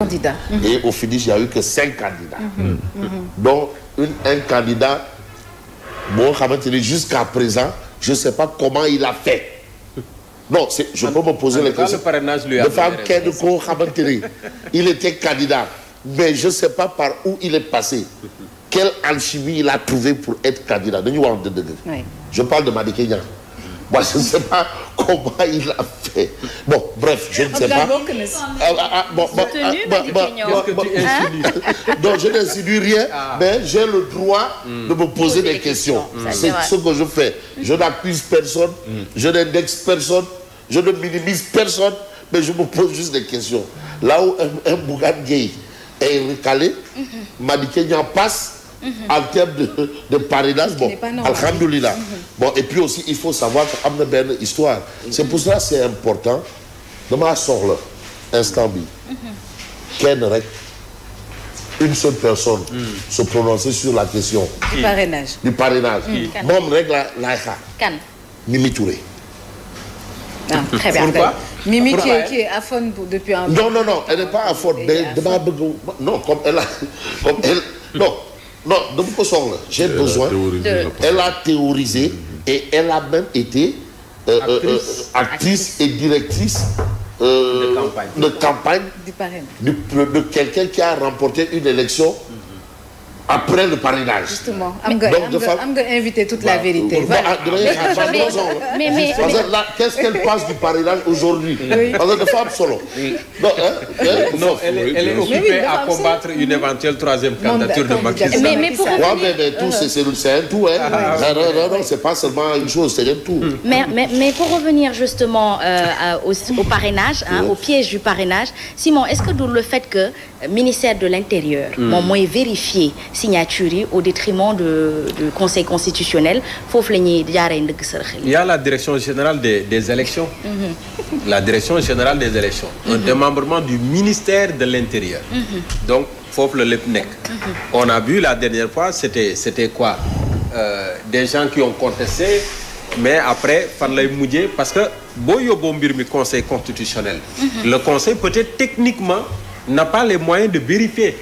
Candidat. Mm-hmm. Et au finish, il a eu que cinq candidats. Mm -hmm. Donc, une, un candidat, bon, jusqu'à présent, je ne sais pas comment il a fait. Non, je peux me poser la question. Le femme Kedoko il était candidat, mais je ne sais pas par où il est passé. Quelle alchimie il a trouvé pour être candidat. Oui. Je parle de Madikenya. moi je ne sais pas comment il a bon bref je ne sais pas ah, ah, ah bon ah, je n'insinue rien mais j'ai le droit hmm. de me poser des questions c'est ce que je fais je n'accuse personne hmm. je n'indexe personne je ne minimise personne mais je me pose juste des questions là où un Bougane Gueye est recalé mm-hmm. Madické passe Mhm. en termes de de parrainage mhm. et puis aussi il faut savoir que am histoire mhm. c'est pour cela c'est important damaa soxla instant bi kenn rek une seule personne mm. se prononcer sur la question du parrainage du la laay xaar Mimi Touré ah, non non elle n'est pas à fond. damaa bëgg non comme elle a non. non dama ko soxla j'ai besoin elle a théorisé et elle a même été euh, euh, euh actrice. Euh, actrice et directrice euh, de campagne de campagne du parrain de, de quelqu'un qui a remporté une élection mm. après le parrainage. justement am nga am nga invité toute bah, la vérité. voilà mais mais parce que là qu'est-ce qu'elle pense du parrainage aujourd'hui parce que dafa am solo. non non elle est elle est occupée à combattre une éventuelle troisième candidature de Macky Simon est-ce que du le fait que euh, ministère de l'intérieur. Hmm. moom mooy vérifier. signature yi au détriment de du conseil constitutionnel foofu la ñuy jaaree ndëgg sërëx il y la direction générale des des élections mhm. la direction générale des élections un mhm. démembrement du ministère de l'intérieur mhm. donc foofu la lépp nekk on a vu la dernière fois c'était quoi euh, des gens qui ont contesté mais après fan lay mujjee parce que boo yóbboo mbir mi conseil constitutionnel le conseil peut-être techniquement n'a pas les moyens de vérifier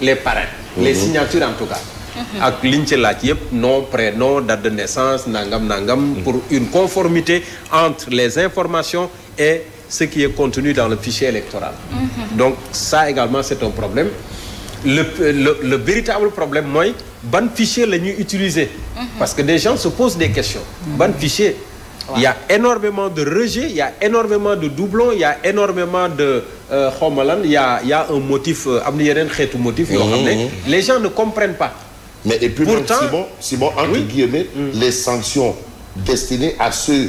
les parrains. les mhm. signatures en tout cas. Mhm. ak liñ ci laaj yëpp nom prénom date de naissance nangam nangam. Mhm. pour une conformité entre les informations et ce qui est contenu dans le fichier électoral. donc ça également c'est un problème. le le le véritable problème mooy ban fichier la ñuy utiliser. parce que des gens se posent des questions. ban fichier. il y énormément de rejets ya y énormément de doublons ya y énormément de euh, xaw ma lan y' a un motif euh, am na xeetu motif. Mhm. les gens ne comprennent pas. mais et puis pourtant si bon si bon entre mm. les sanctions destinées à ceux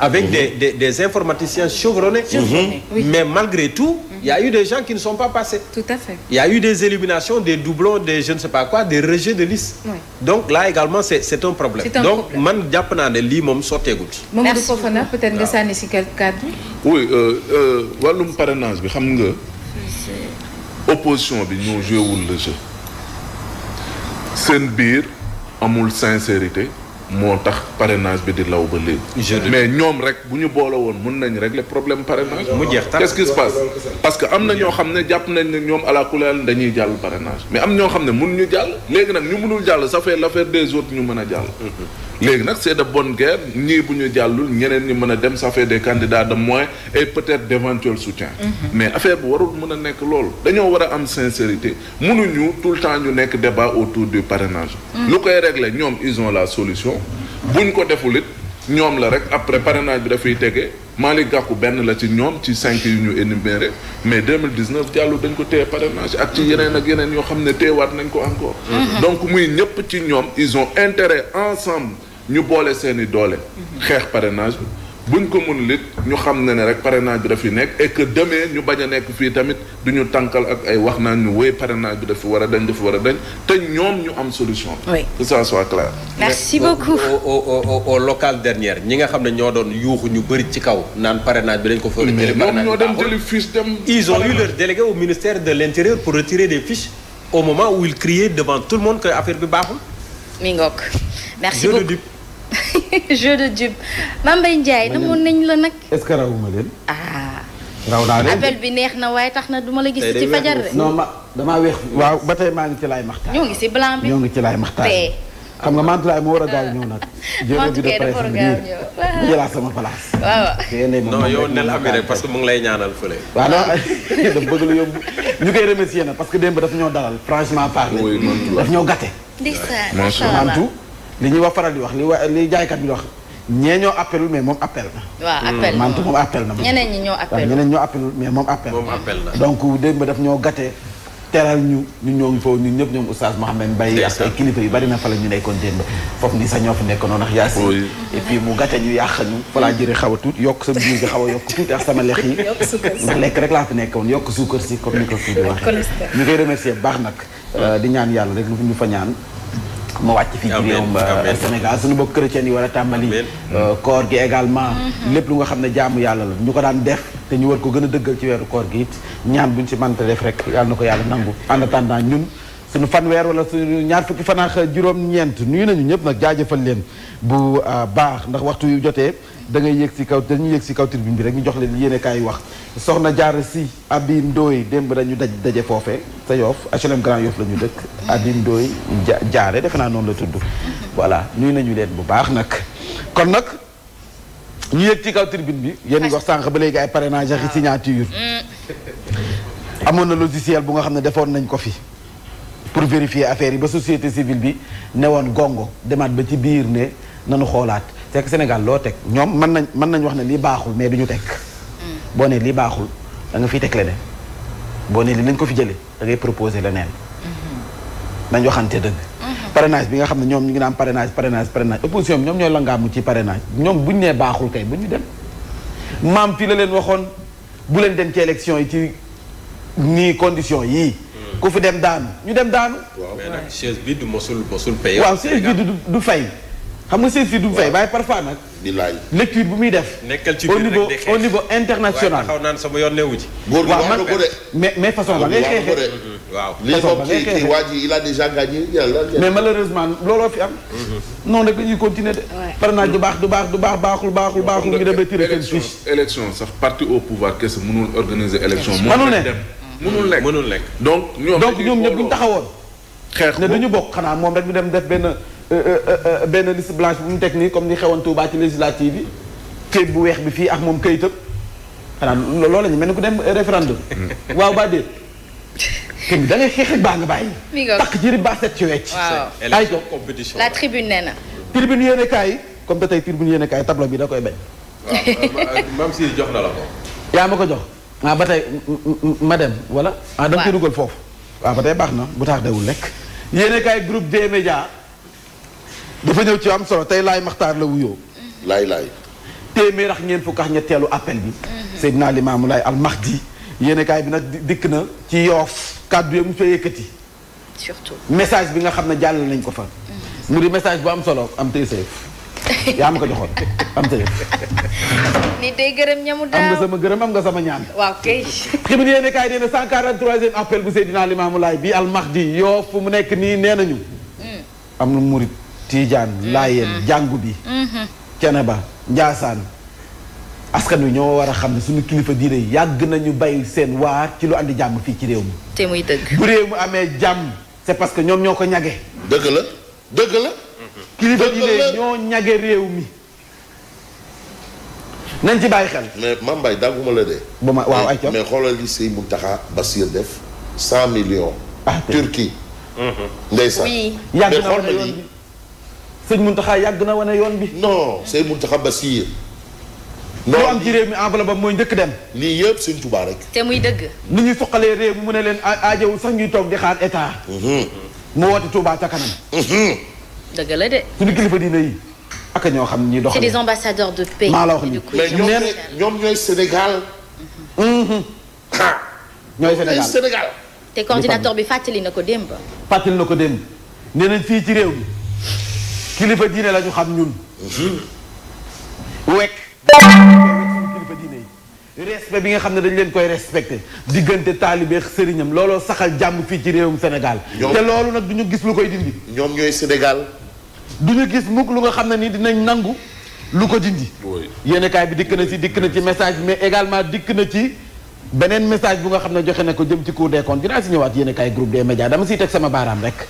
avec mhm. des, des, des informaticiens chevronnés. Mhm. Oui. Mais malgré tout, mhm. il y a eu des gens qui ne sont pas passés. Tout à y eu des éliminations, des doublons, des je ne sais pas quoi, des rejets de liste. Oui. Donc là également, c'est un problème. Donc, man jàpp naa ne lii moom sotteegul. Mamadou Fofana peut-être nga sànni si quelque kàddu. oui euh, euh, wàllum parrainage bi xam nga. opposition bi ñoo joué wul le jeu. seen biir amul sincérité. moo tax parrainage bi di law ba léegi. mais ñoom rek bu ñu boole woon mun nañ régler problème parrainage. mu jeex tànn qu'est-ce qui se passe parce que am na ñoo xam ne jàpp nañ ne ñoom ala kulal dañuy jàll parrainage mais am ñoo xam ne mun ñu jàll. léegi nag ñu mënul jàll ça fait l'affaire des autres ñu mën a jàll. Mm-hmm. léegi nag c'est de bonne guerre ñii bu ñu jàllul ñeneen ñi mën a dem ça fait des candidats de moins et peut-être d'éventuels soutiens. Mm-hmm. mais affaire bu warul mën a nekk loolu. dañoo war a am sincérité mënuñu tout le temps ñu nekk débat autour du parrainage. Mm. lu koy régler ñoom ils la solution. buñ ko deful ñoom la rek après parrainage bi dafay tege Malick Gakou benn la ci ñoom ci cinq yu ñu énuméré mais 2019 Diallo dañ ko téye parrainage ak ci yeneen ak yeneen yoo xam ne téyewaat nañ ko encore. Mm-hmm. donc muy ñëpp ci ñoom ison ont intérêt ensemble ñu boole seen i doole. Mm-hmm. xeex parenage buñ ko mun lit ñu xam ne ne rek parrainage bi daf yi nekk et que demee ñu bañ a nekk fii tamit du ñu tànkal ak ay wax naa ñu wéy parrainage bi dafa war a dañ dafa war a dañ te ñoom ñu am solution. oui que ça soit clair. merci beaucoup au local dernière ñi nga xam ne ñoo doon yuuxu ñu bëri ci kaw naan parrainage bi dañ ko fa. jëli parrainage ñoo dem jëli fiche dem. ils ont eu leur délégué au ministère de l' intérieur pour retirer des fiches au moment où ils criaient ko tout le monde que affaire bi baaxul. mi ngoog jeu de dupe Mame Mbaye Ndiaye namoon nañ la nag. est-ce que rawuma leen. ah. raw naa leen appel bi neex na waaye tax na duma la gis. ci fajar de non ma damaa weex. waaw ba tey maa ngi ci laay maxtaan. ñoo ngi si blanc bi ñoo ngi ci laay maxtaan. xam nga mantulaay war a gaaw ñëw nag. mantulaay dafa war a gaaw ñëw jéego jëlaat sama place. waaw non yow nel parce que mu ngi lay ñaanal fële. waaw non dafa bëgg lu yóbbu ñu koy parce que démb dafa ñoo dalal franchement parler. daf ñoo gàtte. ndeysaan macha allah mantu li ñuy wax faral di wax li wa li jaaykat bi di wax ñee ñoo appelul mais moom appel na. waaw hmm. na moom appel na. ñeneen ñi ñoo appelul ñeneen ñoo appelul mais moom appel na. donc démb ba daf ñoo gàttee. teral ñu ñu ñoo ngi foofu ñun ñëpp ñoom oustaz Mohamed Mbaye ak ay kilifa yi bari na fa la ñu nekkoon démb foofu nii sax ñoo fi nekkoon ndax yaa si et mu gàtte ñu yàq ñu fa laa jëre xaw a yokk sa biir gi xaw a yokk tuuti ak sama lex yi ndax lekk rek laa fi nekkoon yokk suukar si comme ni ko fii di waxee ñu koy remercier baax nag euh, di fa ñaan ma wàcc fii ci euh, Sénégal suñu bokk chrétien yi war a tàmbali euh, koor gi également mm-hmm. lépp lu nga xam ne jaamu yàlla la ñu ko daan def te ñu war ko gën a dëggal ci weeru koor gi it ñaan buñ si manta def rek yàlla na ko yàlla nangu en attendant ñun suñu fanweer wala su ñaar fukki fanaax juróom-ñeent nuyu nañu ñëpp nag jaajëfal leen bu euh, baax ndax waxtu yu jotee da ngay yéeg si kaw dañuy yéeg si kaw tribune bi rek ñu jox leen yéene kaay wax soxna jaar si abi ndooy démb dañu daj daje foofe sa yoof HLM Grand Yoff la ñu dëkk abi ndooy ja jaare defe naa noonu la tudd voilà nuyu nañu leen bu baax nag kon nag ñu yéeg ci kaw tribune bi yéen wax sànq ba léegi ay parrainage ak signature mm. amoon na logiciel bu nga xam ne defoon nañ ko fi pour vérifier affaire yi ba société civile bi ne woon gongo demaat ba ci biir ne nanu xoolaat tek que Sénégal loo teg ñoom mën nañ mën nañ wax ne lii baaxul mais du ñu teg mm. boo ne lii baaxul da nga fiy teg leneen boo ne lii nañ ko fi jëlee da ngay leneen dañ mm-hmm. waxante dëgg mm-hmm. parrainage bi nga xam ne ñoom ñu ngi naan parrainage parrainage parrainage opposition bi ñoom ñooy langaamu ci parrainage ñoom buñu nee baaxul kay bu ñu dem maam fii la leen waxoon bu leen dem ci élection yi ci nii condition yi mm. ku fi dem daanu ñu dem daanu mais chaise bi du mosul mosul pay waaw chaise du fay xam nga saisie du mu fay waaye parfois nag. di laaj lecture bu muy def. nekkal ci biir au niveau au niveau international. waaye naan sama yoon newu ci. góor man mais mais façon ba ngay xeexee. Mm-hmm. waaw façon ba ngay xeexee waa ji il a déjà gagné yàlla. mais malheureusement looloo fi am. Mm-hmm. non rek dañuy continuer de. par naa du baax du baax du baax baaxul baaxul baaxul ñu demee tiré seen fiche. élection sax parti au pouvoir kese mënul organiser élection. mënul ne mënul nekk mënul nekk. donc ñoom ñëpp bu ñu taxawoon. xeex ne du ñu bokk xanaa moom rek ñu dem def benn Euh, euh, euh, benn liste blanche bu mu teg nii comme ni xewoon Touba ci législative yi këyit bu weex bi fii ak moom këyitam xanaa loolu la ñu mel ni ku dem référendum hmm. waaw ba déet kër gi da ngay xeex baa nga bàyyi. mi ngi takk jëri baa set ci wecc. waaw ay compétition la nee na. tribune yéene kaay comme te tey tribune yéene kaay tableau bi da koy bañ. waaw si jox na la ko. yaa ma ko jox ah ba tey ma dem wala. ah da dugal foofu. waaw ah, ba tey baax na bu taax dewul lekk. yéene kaay groupe D Média. dafa ñëw ci am solo tey laay maxtaar la wuyoo. laay laay. téeméer ak ñeent fukk ak ñetteelu appel bi. Mhm. Seydina Limaamu Laay al Mahdi yéene kaay bi nag dikk na ci yoof kàddu yooyu mu fa yëkkati. surtout message bi nga xam ne jàll nañ ko fa. Mhm. mu di message bu am solo am tey sa yaa ma ko joxoon am sa yëf. ni day gërëm ñamu am nga sama gërëm am sama ñaan. waaw kay. xibaar yéene kaay nee na 143e appel bu Seydina Limaamu Laay bi al Mahdi yoof fu mu nekk nii nee nañu. Mhm. am na murit Tiijaan mhm. Laayeen jàngu bi mhm. ba Njaasaan askan wi ñoo war a xam ne suñu kilifa diine yàgg nañu bay seen waa ci lu andi jàmm fii ci réew mi te muy dëgg bu réew mu amee jàmm c'est parce que ñoom ñoo ko ñage dëgg la dëgg la mhm. kilifa ñoo ñage réew mi nañ ci bàyyi xel mais Mame Mbaye dagguma la de ba ma waaw ay mais xoolal li Sëy Mountakha Bassir def cent millions ah, Turquie ndeysaan mais xool ma lii sëñ Mountakha yàgg na wane yoon bi. non sëñ Mountakha Bassir. non am ci réew mi enveloppe ba mooy njëkk dem. lii yëpp sëñ Touba rek. te muy dëgg. ni ñuy suqalee réew mu ne leen aajawul sax ñuy toog di xaar état. Mhm. mu woote Touba ca kanam. Mhm. dëgg la de. suñu kilifa diina yi ak ñoo xam ñuy doxalee. c'est des ambassadeurs de paix. maa la wax nii mais ñoom mhm. ñooy ñoom ñooy Sénégal. ñooy Sénégal. te coordinateur bi fàttali na ko démb. fàttali na ko démb nee nañ fii ci réew mi. kilifa diine la xam ñun. wekk dañu suñu kilifa diine yi respect bi nga xam ne dañ leen koy respecté diggante taalibe sëriñam looloo saxal jàmm fii ci réewum Sénégal. te loolu nag du ñu gis lu koy dindi. ñoom ñooy Sénégal. du ñu gis mukk lu nga xam ne nii dinañ nangu lu ko dindi. yéen kaay bi dikk na ci dikk na ci message mais également dikk na ci. beneen message bu nga xam ne joxe na ko jëm ci Cour des comptes dinaa si ñëwaat yéen a kaay groupe des médias dama siy teg sama baaraam rek.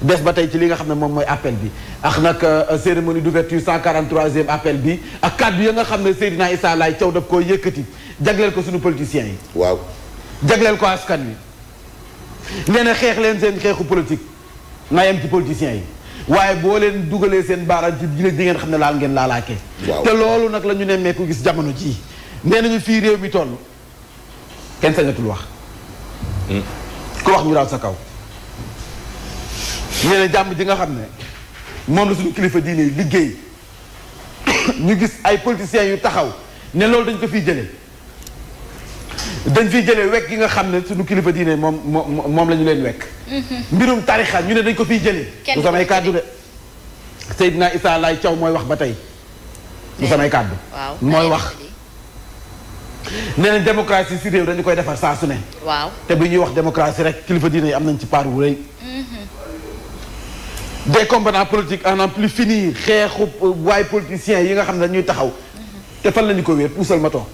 des ba tey ci li nga xam ne moom mooy appel bi ak nag euh, cérémonie d'ouverture 143e appel bi ak kàddu ya nga xam ne Seydina Issa Laye Thiaw daf koo yëkkati jagleel ko suñu politiciens yi. waaw jagleel ko askan wi. nee na xeex leen seen xeexu politique na yem ci politiciens yi waaye boo leen dugalee seen baaraam ci biir di ngeen xam ne laal ngeen laalaakee. waaw te loolu nag la ñu nemmee ku gis jamono jii nee nañu fii réew mi toll kenn sañatul wax. Hmm. ku wax ñu daal sa kaw. nee na jàmm ji nga xam ne moom la suñu kilifa diine liggéey ñu gis ay politiciens yu taxaw ne loolu dañ ko fi jëlee dañ fi jëlee wekk gi nga xam ne suñu kilifa diine moom moom lañu leen wekk. Mhm. mbirum tarixa ñu ne dañ ko fi jëlee. du samay kàddu de Seydina Issa Laye Thiaw mooy wax ba tey. du samay kàddu. mooy wax. nee nañ démocratie si réew dañu koy defar saa su ne. waaw te bi ñuy wax démocratie rek kilifa diine yi am nañ ci part wu rëy. Mhm. des combattants politiques en en plus fini xeexu euh, waay politiciens yi nga xam ne ñuy taxaw. te fan la ñu ko wéer puusal ma toog.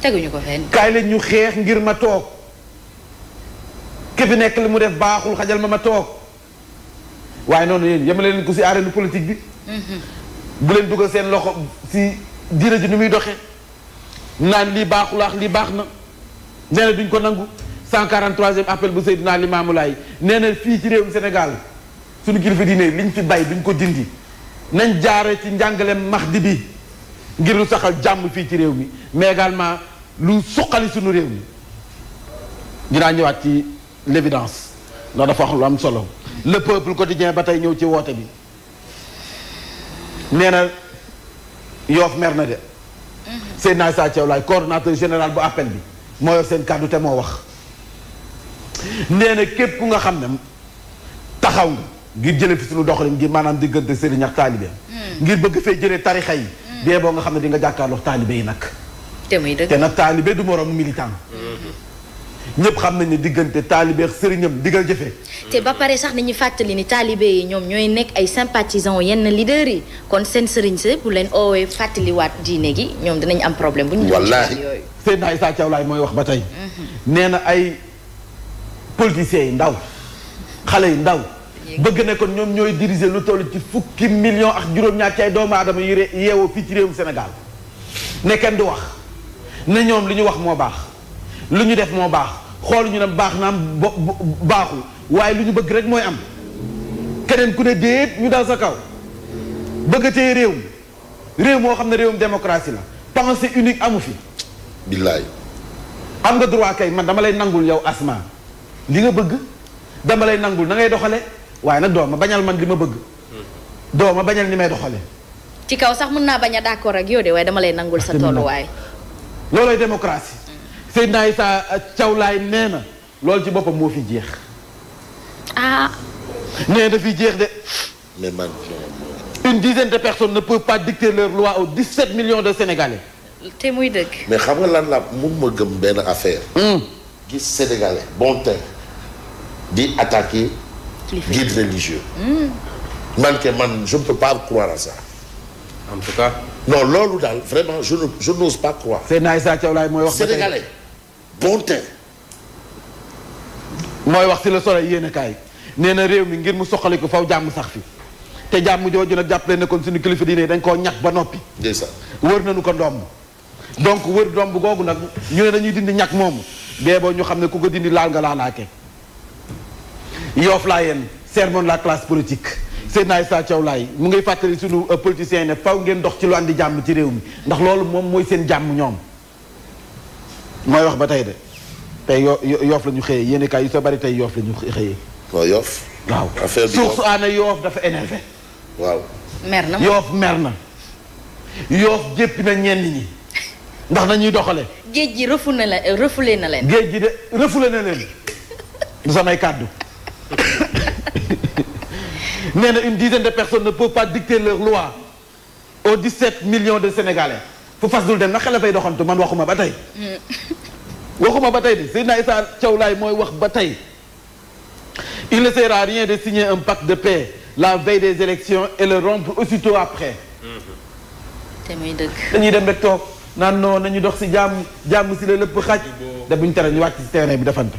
teguñu ko fenn. kaay ñu xeex ngir ma toog. ki nekk li mu def baaxul xajal ma ma toog waaye noonu yéen yemale leen ko si arène politique bi. Mhm. bu leen dugal seen loxo si diina ji ni muy doxe naan lii baaxul ak lii baax na nee duñ ko nangu 143e appel bu Seydina Limamou Laye nee na fii ci réewum Sénégal. suñu kilifa diine liñ fi bay duñ ko dindi nañ jaaro ci max di bi ngir lu saxal jàmm fii ci réew mi mais également lu suqali suñu réew mi dinaa ñëwaat ci l'évidence ndax dafa wax lu am solo le peuple quotidien ba tey ñëw ci woote bi nee na yoof mer na de Seydina Issa Thiaw Laye coordonnateur général bu appel bi mooy yor seen kàddu te moo wax nee képp ku nga xam ne taxaw nga ngir jëlee fi suñu doxalin ngir maanaam diggante sëriñ ak taalibe hmm. ngir bëgg fee jëlee tarixa yi hmm. bee boo nga xam ne di nga jàkkaarloo taalibe yi nag te muy dëgg te nag taalibe du moroom militant hmm. ñëpp xam nañ ne diggante taalibe ak sëriñam digal jëfe te ba pare sax nañu fàttali ni taalibe yi ñoom ñooy nekk ay sympathisants yenn leaders yi kon seen sëriñ si bu leen oowee fàttaliwaat diine gi ñoom dinañ am problème bu ñu wallaahi Seydina Issa Thiaw Laye mooy wax ba tey nee na ay politiciens yi bëgg na kon ñoom ñooy diriger lu toll ci fukki million ak juróom-ñaar ci ay doomu aadama yu yeewoo fii ci réewum senegal ne kenn du wax na ñoom lu ñu wax moo baax lu ñu def moo baax xoolu ñu ne baax naam baaxul waaye lu ñu bëgg rek mooy am keneen ku ne déet ñu dal sa kaw bëgg réew mi réew moo xam ne réewum démocratie la pensée unique amu fi. billaay. am nga droit kay man dama lay nangul yow asma li nga bëgg dama lay nangul na ngay doxale waaye nag doo bañal man li ma bëgg. doo ma bañal ni may doxalee. ci kaw sax mun naa bañ a d'accord ak yow de waaye dama lay nangul sa tolluwaay. loolooy démocratie. Seydina Issa Thiawlaay nee na loolu ci boppam moo fi jeex. ah. fi jeex de. mais man. une dizaine de personnes ne peuvent pas dicter leur loi aux 17 millions de Sénégalais. te muy dëgg. mais xam nga lan la mun ma gëm benn affaire. Hmm. gis Sénégalais bon terme di attaquer. guide religieux. Hmm. man ke man je ne peux pas croire à ça. en tout cas. loolu daal vraiment je ne je n'ose pas croire. mooy wax. sénégalais bon teint. mooy wax si le soleil yéen a na réew mi ngir mu soqali ko faw jàmm sax fi te jàmm jooju nag jàppale ne kon suñu kilifa diine dañ koo ñàkk ba noppi. ndeysaan wër nañu ko ndomb. donc wër ndomb googu nag ñu ne dañuy dindi ñàkk moomu bee boo ñu xam ne ku ko dindi laal nga laalaake. yoof laa yéen sermon la classe politique Seydina Issa Thiaw Laye mu ngi fàttali sunu euh, politiciens yi ne faw ngeen dox ci lu andi jàmm ci réew mi ndax loolu moom mooy seen jàmm ñoom mooy wax ba tey de tey yoo yoof lañu xëyee yéen kaay yu sa bari tey yoof la ñu xëyee waaw yoof waaw affaire bi suuf su aana yoof dafa énervé waaw mer na yoof mer na yoof jéppi na ñenn ñi ndax nañuy doxale géej gi refoulé na la refoulé na leen géej gi de refoulé na leen du samay kàddu nee na une dizaine de personnes ne peuvent pas dicter leur loi aux 17 million de sénégalais fu fas dul dem na xel fay doxantu man waxuma ba tey. Mm. waxuma ba tey de Seydina Issa Thiaw Laye mooy wax ba tey il ne sert rien de signer un pacte de paix la veille des élections et le rompre aussitôt après. Mm-hmm. te muy dëgg. dañuy dem rek toog naan na ñu dox si jàmm jàmm si la lépp xaj. da buñ tere ñu wàcc si terrain bi defante.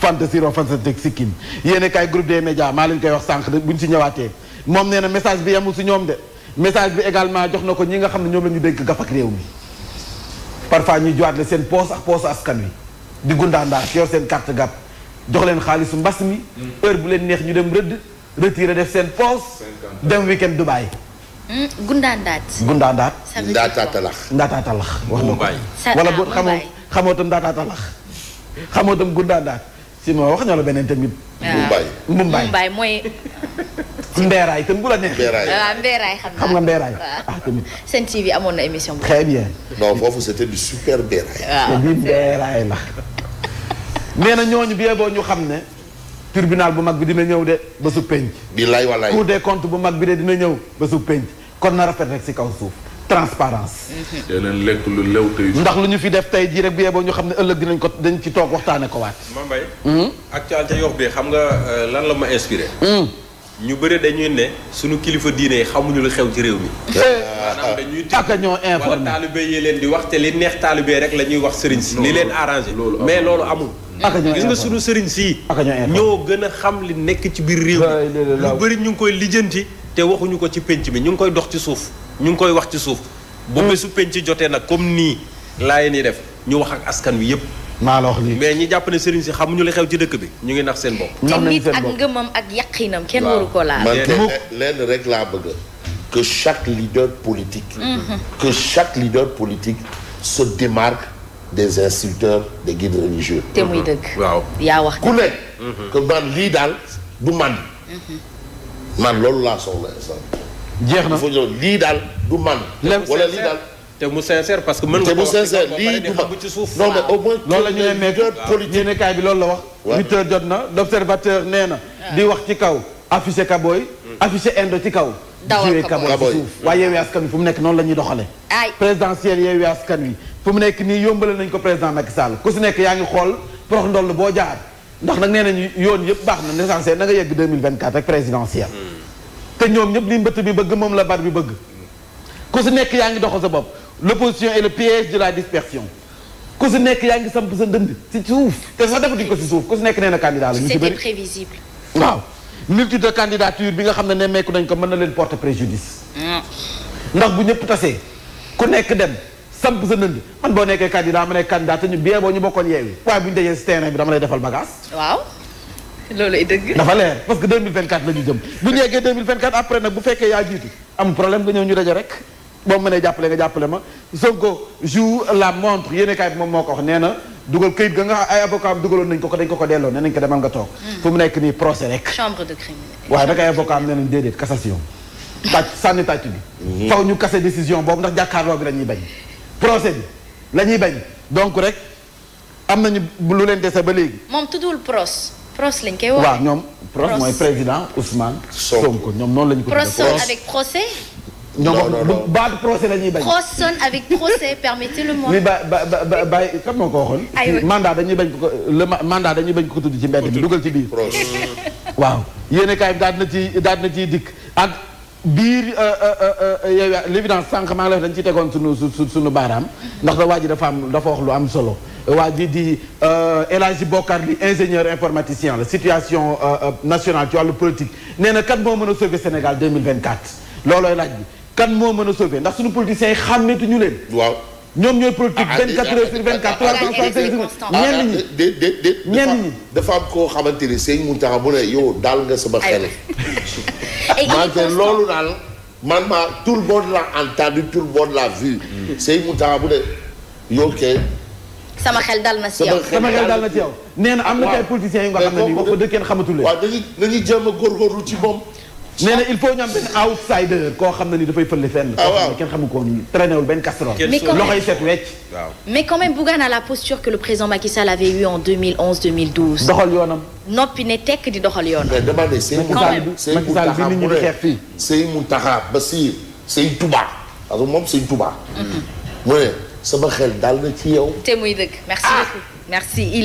fanta siro fanta teg sikkim yéen kaay groupe des médias maa leen koy wax sànq de buñ ci ñëwaatee moom nee na message bi yemul si ñoom de message bi également jox na ko ñi nga xam ne ñoom la ñu dénk gaf ak réew mi parfois ñuy joxaat la seen poos ak poos askan wi di gundaandaas yor seen carte gàpp jox leen xaalisu mbas mi heure bu leen neex ñu dem rëdd retiré def seen poos dem weekend Dubaay hmm, gundaandaat gundaandaat ndaataatalax ndaataatalax wax na ko wala ah, bu xamoo xamoo tam ndaataatalax xamoo tam gundaandaat si ma wax ñoo la beneen tamit. Ah. Mumbai Mumbai Mumbai mooy. Mberaay tam bu la neex. Mberaay waaw xam nga Mberaay. ah tamit seen amoon na émission bu. très bien. non foofu c'était ah, na ñooñu ñu xam ne. tribunal bu mag bi dina ñëw de ba supp penc. billaay wallaay Cour des bu mag bi de dina ñëw ba su penc kon na rafet rek si kaw suuf. transparence yeneen lekk lu lew tey ndax lu ñu fi def tey jii rek biyee ñu xam ne ëllëg dinañ ko dañu ci toog waxtaane ko waat mambay hmm? actualité yox bi xam nga euh, lan la ma inspiré hmm? ñu bëri dañuy ne suñu kilifa diine yi xamuñu lu xew ci réew mi eh, maanaam dañuy tàkk ñoo informé wala taalibe yi leen di wax te li neex taalibe rek la ñuy wax sëriñ si li leen arrangé mais loolu amul gis nga sunu sëriñ sii ñoo gën a xam li nekk ci biir réew mi lu bëri ñu ngi koy lijjanti te waxuñu ko ci pénc mi ñu ngi koy dox ci suuf ñu ngi koy wax ci suuf. bu hmm. bésu penc jotee nag comme nii laa laay yi def ñu wax ak askan bi yëpp. maa la wax nii mais ñi jàpp ne sëriñ xamuñu li xew ci dëkk bi ñu ngi nax seen bopp. ñoom nañ seen bopp ak ngëmam ak yàqinam kenn waru ko laal. man lenn rek laa bëgg que chaque leader politique. Mm-hmm. que chaque leader politique se démarque des instructeurs des guides religieux. te muy mm-hmm. waaw yaa wax ku nekk. Mm-hmm. que man lii daal du man. man loolu laa soxla exemple. jeex na lii daal du man. wala lii daal. te mu sincère parce que mën nga. te mu suuf. non mais au moins loolu ne bi loolu jot na l'observateur nee na. Ah. di wax ci kaw affiché kabooy. Hmm. affiché indo ci kaw. dawal kabooy ci suuf waaye yeewee askan wi fu nekk noonu la ñuy doxalee. ay présidentielle yeewee askan wi ko président Macky yaa ngi xool prox ndoll boo jaar ndax nag nee nañu yoon yëpp baax na l'essentiel na yegg rek présidentielle hmm. te ñoom ñëpp li mbëtt bi bëgg moom la bari bi bëgg ku si nekk yaa ngi doxal sa bopp l'opposition est le piège de la dispersion ku si nekk yaa ngi samp sa ndënd si suuf te sax defatuñ ko si suuf ku si nekk nee na candidat la ñu si bëri c'était xam ne ne meeku nañ mën na leen porter préjudice ndax bu ñëpp tasee ku nekk dem sa nënd man boo nekkee candidat ma nekk te ñu bien boo ñu bokkoon yeewi waaye bu ñu dajee si bi dama lay defal bagage waaw loolu ay dëgg. dafa leer parce que 2024 la ñu jëm bu ñu yeggee 2024 après nag bu fekkee yaa jiitu am problème nga ñu daje rek boo mënee jàppale nga jàppale ma Sonko joue la montre yéen kaay bi moom moo ko wax nee na dugal këyit ga nga ay avocat am dugaloon nañ ko ko dañ ko ko delloo nee nañ ko demal nga toog. Hmm. fu mu nekk nii procès rek. chambre de criminalité waaye nag ay avocat am déedéet cassation. tàcc sànni tàcc bi. Hmm. faw ñu kase décision boobu ndax jàkkaarloo bi la ñuy bañ. procès bi la ñuy bañ donc rek am nañu lu leen dese ba léegi. moom tuddul procès pros lañ waaw ñoom pros mooy président Ousmane. ko ñoom noonu lañ ko. pros sonne avec procès. non non ñoom baatu la ñuy bañ. pros sonne avec procès permettez le mot. oui ba ba ba bàyyi kan mandat dañuy bañ ko le mandat dañuy bañ ko tudd ci mbedd bi dugal ci biir. waaw yéen a kaay daal na ci daal na ciy dikk ak biir yow euh, euh, euh, l'évidence sànq maa ngi lay wax dañ ci tegoon sunu sunu baaraam mm-hmm. ndax da waa ji dafa am dafa wax lu am solo. waa ji di euh, El Hadji Bokar li ingénieur informaticien la situation euh, euh, nationale ci wàllu politique nee na kan moo mën a sauver Sénégal 2024 loolooy laaj bi kan moo mën a sauver ndax suñu politiciens yi xàmmeetu ñu leen waaw ñoom ñooy politique 24 ah, ah, ah, heures sur 24 365 jours ñenn ñi ñenn koo xamante ni sëñ Mountakha mu ne yow daal nga sama xel mante loolu daal man ma tout le monde l'a entendu tout le monde l'a vu mm. sëñ Mountakha mu ne yow kay sama xel dal na si yow sama xel dal na si yow nee na am na ay politiciens yu nga xam ne nii wax dëgg kenn xamatul leen waaw dañuy dañuy jéem a góorgóorlu ci il faut am benn outsider koo xam ne ni dafay fële fenn ah, koo xam ne kenn xamu ko ni traîné wul benn casserole loxoy set mais quand même Bougane a la posture que le président Macky avait eu en 2011 2012 doxal yoonam noppi ne tekk di doxal yoonam mais dama ne Sey Mountakha bi nit ñi di xeex fii Sey Mountakha Bassir Sey Touba parce que moom Sey Touba mm-hmm. sama xel dal na ci yow. te muy dëgg merci